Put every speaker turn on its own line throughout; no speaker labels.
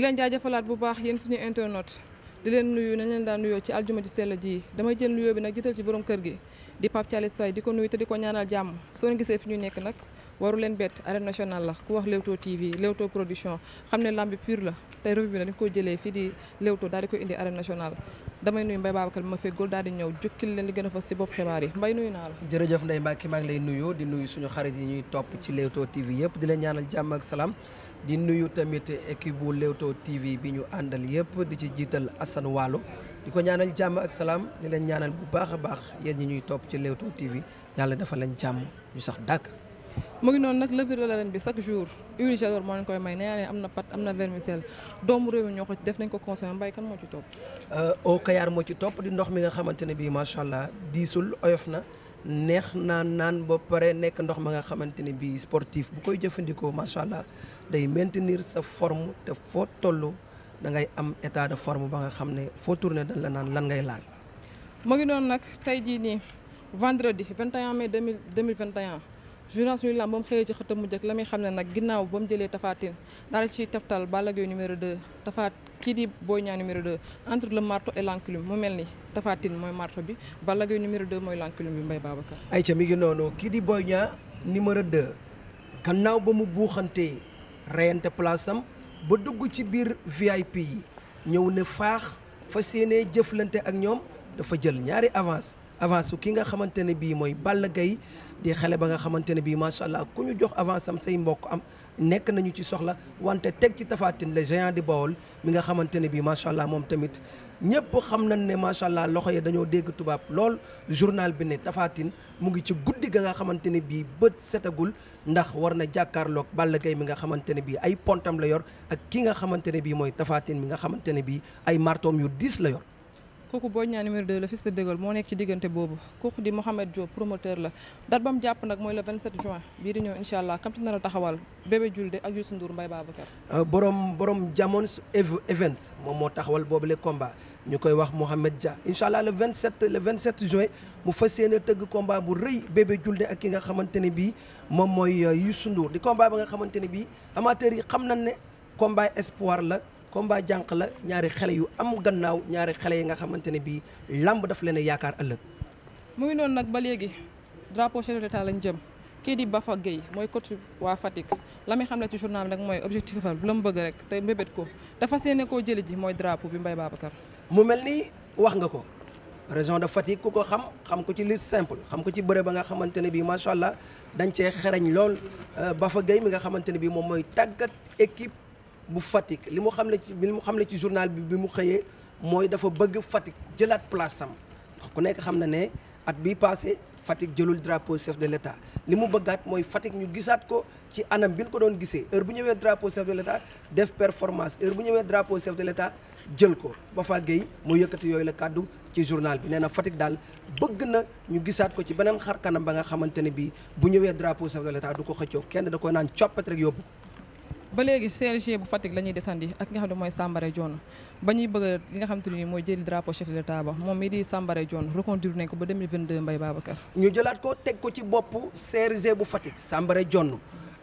di leen jaajëfalaat bu baax yéen suñu internautes di leen nuyu nañ leen daan nuyoo ci aljuma ji sell ji damay jël nuyoo bi nag jiital ci borom kër gi di Pape Thialis Faye ko nuyu te di ko ñaanal jàmm soo gisee fi ñu nekk nag waru leen bett arène nationale la ku wax Leewtoo TV Leewtoo production xam ne lambi pure la tey revue bi nag jëlee fii di Leewtoo daal ko indi arène nationale damay nuyu Mbaye Babacar bi ma feggool daal di ñëw jukkil leen li gën a fas si
bopp xibaar yi Mbaye nuyu naa la jërëjëf Ndeye Mbacke maa ngi lay nuyu di nuyu suñu xarit yi ñuy topp ci Leewtoo TV yëpp di leen ñaanal jàmm ak salaam di nuyu tamit équipe bu lewtoo TV bi ñu àndal yëpp di ci jiital Assane Waalo di ko ñaanal jàmm ak salaam di leen ñaanal bu baax a baax yéen ñi ñuy topp ci Leewtoo TV yàlla dafa leen jàmm ñu sax dàkk. mu ngi noonu nag levée de
l'arène bi chaque jour huile moo leen koy may nee naa am na pat am na vermicelle doomu réew mi ñoo ko def nañ ko consommé mbay kan moo ci topp.
Euh, au Kayar moo ci topp di ndox mi nga xamante ne bii macha allah diisul oyof na. neex naan naan ba paree nekk ndox ma nga xamante ni bii sportif bu koy jëfandikoo macha allah day maintenir sa form te foo toll da ngay am état de form ba nga xam ne foo tourné dañ la naan lan ngay laal.
mu ngi noonu nag tey jii nii vendredi 21 mai 2021 journal suñu lamb ba mu xëyee ci xëtam mu njëkk la muy xam ne nag ginnaaw ba mu jëlee Tapha Tine daal ci teftal Balla Gaye numéro 2 Tapha kii di Boy Niang numéro 2 entre le marto et l'enclume mu mel ni Tapha mooy marteau bi Balla Gaye numéro 2
mooy l'enclume bi Mbaye Babacar. ayca mi ngi noonu kii di Boy Niang numéro 2 gannaaw ba mu buuxantee reyante place am ba dugg ci biir VIP yi ñëw ne faax fa yéenee jëflante ak ñoom dafa jël ñaari avance. avance ki nga xamante ne bii mooy Balla Gaye di xale ba nga xamante ne bii macha allah ku ñu jox avance am say mbokk am nekk nañu ci soxla wante teg ci Tapha la le géant di Bawol mi nga xamante ne bii macha allah moom tamit ñëpp xam nañ ne macha allah loxo dañoo dégg tubaab lool journal bi ne Tapha mu ngi ci guddi ga nga xamante ne bii bët setagul ndax war na jàkkaarloog Balla Gaye mi nga xamante ne bii ay pontam la yor ak ki nga xamante ne bii mooy Tapha Tine mi nga xamante ne bii ay martoom yu diis la yor.
kooku Boy Niang numéro 2 le fils de Dégol moo nekk ci diggante boobu kooku di Mohamed Diop promoteur la date ba mu jàpp nag mooy le 27 juin bii ñëw incha allah kam ci nar a taxawal bébé Julde ak Youssou Ndour Mbaye Babacar.
Euh, borom borom Jamons Events moom moo taxawal boobu le combat ñu koy wax Mohamed Dia incha allah le la le 27 juin mu fas yéene tëgg combat bu rëy bébé Julde ak ki nga xamante ne bii moom mooy euh, Youssou Ndour di combat ba nga xamante ne bii amateurs yi xam nañ ne combat espoir la. combat jànq la ñaari xale yu am gannaaw ñaari xale yi nga xamante ne bii làmb daf leen a yaakaar ëllëg.
mu noonu nag ba léegi drapeau chef de l'État lañ jëm kii di fa Gueye mooy coach waa Fatick la muy xam ne ci journal bi nag mooy objectif bu la mu bëgg rek te mbébét ko dafa seene koo jëli ji mooy
drapeau bi Mbaye Babacar. mu mel ni wax nga ko région de Fatick ku ko xam xam ko ci liste simple xam ko ci bëre ba nga xamante ne bii macha allah dañ cee xereñ lool euh, Bafa Gueye mi nga xamante ne bii moom mooy tàggat équipe. bu Fatick li mu xamle ci li mu xamle ci journal bi bi mu xëyee mooy dafa bëgg Fatick jëlaat place sam ndax ku nekk xam na ne at bii passé Fatick jëlul drapeau chef de l'État li mu bëggaat mooy Fatick ñu gisaat ko ci anam bi nu ko doon gisee heure bu ñëwee drapeau chef de l'État def performance heure bu ñëwee drapeau chef de l'État jël ko Bafa Gueye moo yëkkati yooyu la kàddu ci journal bi nee na Fatick daal bëgg na ñu gisaat ko ci beneen xar kanam ba nga xamante ne bii bu ñëwee drapeau chef de du ko xëccoo kenn da koy naan coppet rek yóbbu.
ba léegi CRG bu Fatick la ñuy desandi ak nga xam ne mooy Sambare Dione ba ñuy bëgg li nga xam te ni mooy jël drapeau chef de l'État moom mi di Sambare Dione reconduire nañ ko ba 2022 Mbaye Babacar
ñu jëlaat ko teg ko ci bopp CRG bu Fatick Sambare Dione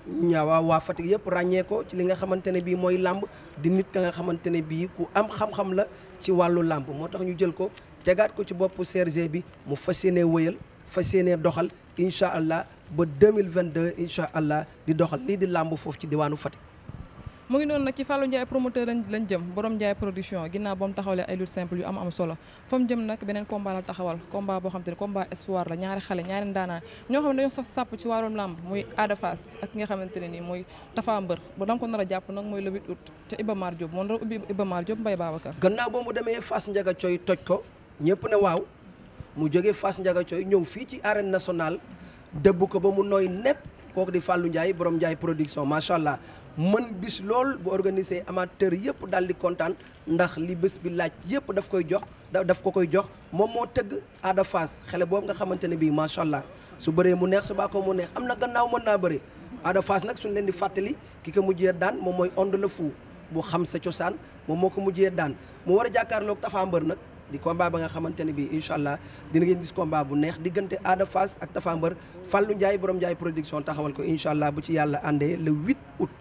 ñaawaa waa Fatick yëpp ràññee ko ci li nga xamante ne bii mooy làmb di nit nga xamante ne bii ku am xam la ci wàllu làmb moo tax ñu jël ko tegaat ko ci bopp CRG bi mu fas yéenee wëyal fas yéenee doxal incha allah ba 2022 incha allah di doxal lii di làmb foofu ci diwaanu Fatick
mu ngi noonu nag ci Fallou Ndiaye promoteur lañ lañ jëm borom Ndiaye production ginnaaw ba mu taxawalee ay lutte simple yu am am solo fa jëm nag beneen combat la taxawal combat boo xam te ne combat espoir la ñaari xale ñaari ndaanaan ñoo xam ne dañoo saf sàpp ci wàllum làmb muy Ada Fass ak nga xamante ne nii mooy Tafa Mbër ba dam ko nar a jàpp nag mooy le 8 août ca Iba Mar Diop moom dara ubbi Iba Mar Diop Mbaye Babacar
gannaaw boo mu demee Fass Ndiaga Coy toj ko ñëpp ne waaw mu jógee fas Ndiaga Coy ñëw fii ci arène nationale dëbb ko ba mu nooy nepp kooku di Fallou Ndiaye borom Ndiaye production macha allah mën bis lool bu organiser amateur yëpp daal di kontaan ndax li bés bi laaj yëpp daf koy jox daf ko koy jox moom moo tëgg Ada xele xale boobu nga xamante ne bii macha allah su baree mu neex su ko mu neex am na gannaaw mën naa bëri Ada nag suñ leen di fàttali ki ko mujjee daan moom mooy Onde le Fou bu xam sa cosaan moom moo ko mujjee daan mu war a jàkkaarloog Tapha nag. di combat ba nga xamante ne bii incha allah dina ngeen gis combat bu neex diggante Ada Fass ak Tafa Mbër Fallou Ndiaye borom Ndiaye production taxawal ko incha allah bu ci yàlla àndee le 8 août.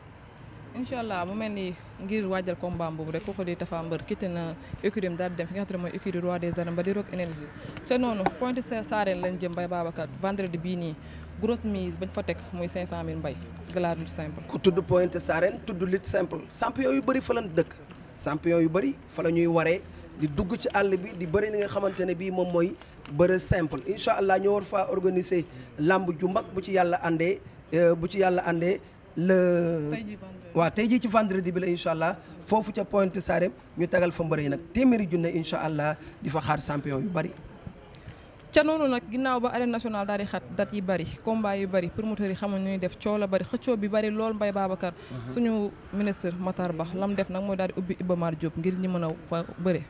incha allah mu mel ni ngir waajal combat boobu rek kooku di Tafa Mbër quitté na écurie daal di dem fi nga xam ne mooy écurie roi des arènes ba di Rock Énergie ca noonu Pointe Sarène lañ jëm Mbaye Babacar vendredi bii nii grosse mise bañ fa teg muy 500000 mbay gala lutte
simple. ku tudd Pointe Sarène tudd lutte simple champion yu bëri fa lañ dëkk yu bëri fa la ñuy waree. di dugg ci àll bi di bëri li nga xamante ne bii moom mooy bëre simple incha allah ñoo war faa organiser làmb ju bu ci yàlla àndee euh, bu ci yàlla àndee le waa tey jii ci vendredi bi la incha allah foofu ca Pointe Sarène ñu tagal fa mbër yi nag téeméeri junne incha allah di fa xaar champion yu bari
ca noonu nag ginnaaw ba arène nationale daal di xat dat yi bari combat yu bari promoteurs yi xamuñ ñuy def coow la bari xëccoo bi bari lool Mbaye Babacar. Mhm. suñu ministre Matar Ba lam def nag mooy daal di ubbi Iba Mar Diop ngir ñi mën a
bëri bëre.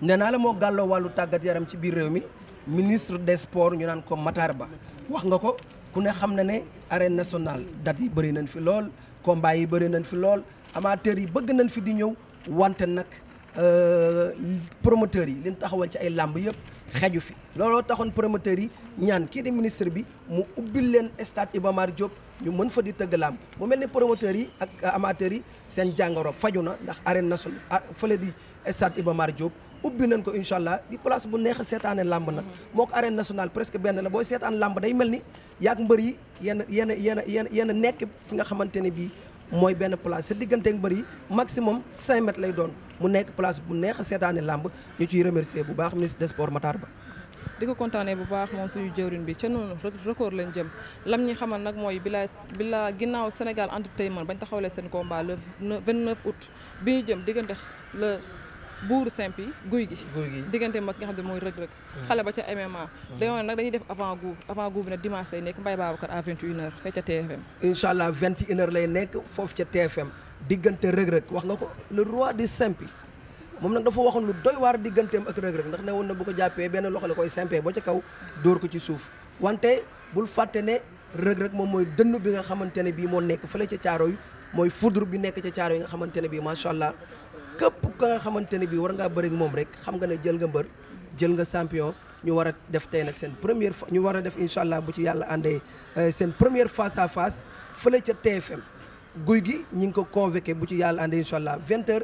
nee naa la moo gàlloo wàllu tàggat yaram ci biir réew mi ministre des sports ñu naan ko Matar Ba wax nga ko ku ne xam na ne arène nationale dat yi bëri nañ fi lool combat yi bëri nañ fi lool amateurs yi bëgg nañ fi di ñëw wante nag. Euh, promoteurs yi li ñu taxawal ci ay làmb yëpp xeju fi looloo taxoon promoteurs yi ñaan kii di ministre bi mu ubbil leen stade Iba Mar ñu mën fa di tëgg làmb mu mel ni promoteurs yi ak amateur yi seen jàngoro faju na ndax arène nationale ah, fële di stade Iba Mar Diop ubbi nañ ko incha allah di place bu neex a seetaane làmb nag moo ko arène nationale presque benn la booy seetaan làmb day mel ni yaag mbër yi yenn yenn yenn yenn yenn nekk fi nga xamante ne bii mooy benn place sa diggante mbër yi maximum 5 mètres lay doon mu nekk place bu neex a seetaane làmb ñu ciy remercier bu baax ministre des sports Matar Ba.
di ko kontaanee bu baax moom suñu jëwriñ bi ca noonu record lañ jëm lam ñi xamal nag mooy bila bila ginnaaw Sénégal entertainment bañ taxaw taxawalee seen combat le 29 août bi ñu jëm diggante la buuru simp guy gi diggante mag nga xam ne mooy rëg-rëg hmm. xale ba ca MMA dañoo nag dañuy def avant goût avant goût bi nekk Mbaye Babacar à vingt et une heures
incha allah vingt et une lay nekk foofu ca TFM diggante rëg-rëg wax nga ko le roi des simpi moom nag dafa waxoon lu doy waar digganteem ak rëg-rëg ndax ne woon na bu ko jàppee benn loxo la koy simpee ba ca kaw dóor ko ci suuf wante bul fàtte ne rëg-rëg moom mooy dënn bi nga xamante ne bii moo nekk fële ca caaro yi mooy foudre bi nekk ca caaro yi nga xamante ne bii macha allah képp ka nga xamante ne bii war ngaa bëri moom rek xam nga ne jël nga mbër jël nga champion ñu war def tey nag seen première ñu war a def incha allah bu ci yàlla àndee euh, seen première face à face fële ca TFM guy gi ñi ngi ko convoqué bu ci yàlla àndee incha vingt 20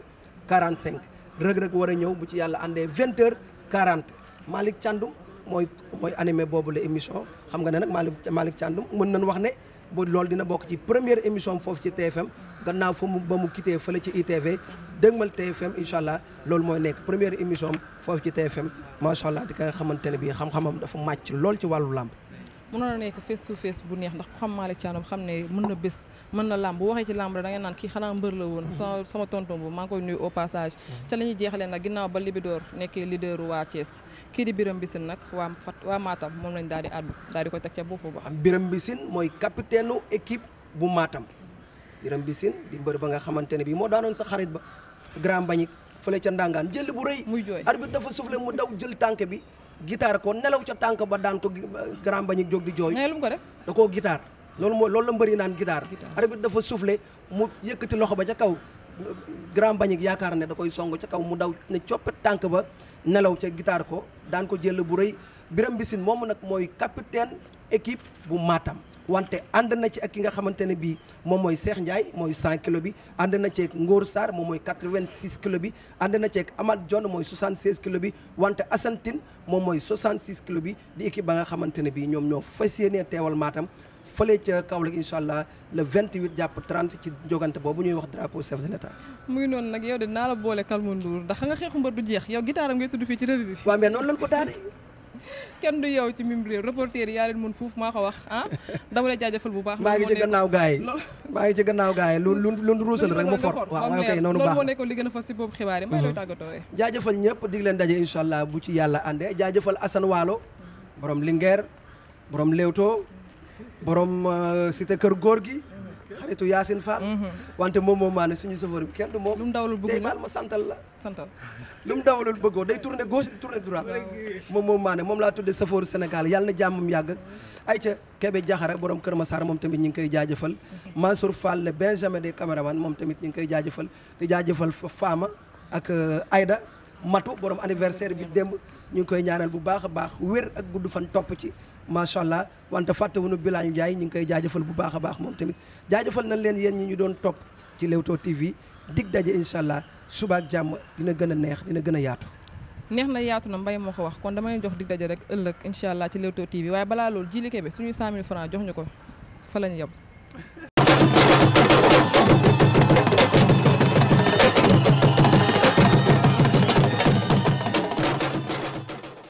h cinq rëg-rëg war a ñëw bu ci yàlla àndee 20h40 Malick Thiandoum mooy mooy animé boobu la émission xam nga ne nag Malick Malick Thiandoum mën nañ wax ne. bu loolu dina bokk ci première émission foofu ci TFM gannaaw fa mu ba mu quitté fële ci ITV dégmal TFM incha allah loolu mooy nekk première émission foofu ci TFM macha allah di nga xamante ne bii xam-xamam dafa màcc lool ci wàllu làmb
mënoon a nekk face to face bu neex ndax ku xam Malick Thiandoum xam ne mën na bés mën na làmb bu waxee ci làmb da ngay naan kii xanaa mbër la woon sama sama tonton bu maa ngi koy au passage ca la ñuy jeexalee nag ginnaaw ba Libidor nekkee leader waa Thiès kii di Biram Bisin nag waa Fat waa Matam moom lañ daal di àddu daal di ko teg ca bopp ba
Biram Bisin mooy capitaine u équipe bu maatam Biram Bisin di mbër ba nga xamante ne bi moo daanoon sa xarit ba grand bañik fële ca Ndangaan jël bu rëy muy jooy arbitre dafa soufflé mu daw jël tànk bi gitaar ko nelaw ca tànk ba daan ko grand bañik jóg di jooy lu mu ko def da koo gitaar loolu mooy loolu la mbëri naan gitaar arbitre dafa soufflé mu yëkkati loxo ba ca kaw grand bañik yaakaar ne da koy song ca kaw mu daw ne coppet tànk ba nelaw ca gitaar ko daan ko jël bu rëy Birame Mbissine moom nag mooy capitaine équipe bu maatam wante ànd na ci ak ki nga xamante ne bii moom mooy Cheikh Ndiaye mooy 100 kilos bi ànd na ci ak Ngor moom mooy 86 kilo bi ànd na ci ak Amath Dione mooy 76 kilos bi wante Assane Tine moom mooy 66 kilos bi di équipe ba nga xamante ne bii ñoom ñoo fas yéenee teewal Matam fële ca Kaolack incha allah le 28 jàpp 30 ci jogante boobu ñuy wax drapeau chef de l'état.
muy noonu nag yow de naa la boole kenn du yow ci mim réew reporter yi yaa leen mën foofu maa ko wax ah dama lay jaajëfal bu baax maa ngi ci gannaaw gaay
maa ngi ci gannaaw gaay lu lu lu ruusal rek mu fort waaw waaw kay noonu baax loolu moo
nekkoon li gën a fas si boobu xibaar yi maa lay mhm. tàggatoo eh.
jaajëfal ñëpp dig leen daje incha allah bu ci yàlla àndee jaajëfal Assane Waalo borom Linguère borom Leewtoo borom euh, cité kër góor gi xaritu Yacine Fall. Mhm. wante moom moom maa ne suñu safari bi kenn du moom. lu mu dawalul ma santal la. santal lu mu dawalul bëggoo day tourner gauche di tourner droite. moom moom maa moom laa tuddee safaru Sénégal yàlla na jàmmam yàgg. ayca Kébé Diakhara borom Kër saar moom tamit ñu ngi koy jaajëfal. Mansour Fall le Benjamin des caméramans moom tamit ñu ngi koy jaajëfal di jaajëfal Fama ak euh, ayda Matu borom anniversaire bi démb ñu ngi koy ñaanal bu baax a baax wér ak gudd fan topp ci. macha allah wante fàttewunu Bilal Ndiaye ñi ngi koy jaajafal bu baax a baax moom tamit jaajafal nañ leen yéen ñi ñu doon topp ci Leewtoo TV dig daje incha allah suba ak jàmm dina gën a neex dina gën a yaatu.
neex na yaatu na mbay moo ko wax kon dama leen jox dig daje rek ëllëg incha allah ci Leewtoo TV waaye balaa loolu ji li kebe suñuy 100000F jox ñu ko fa lañ yem.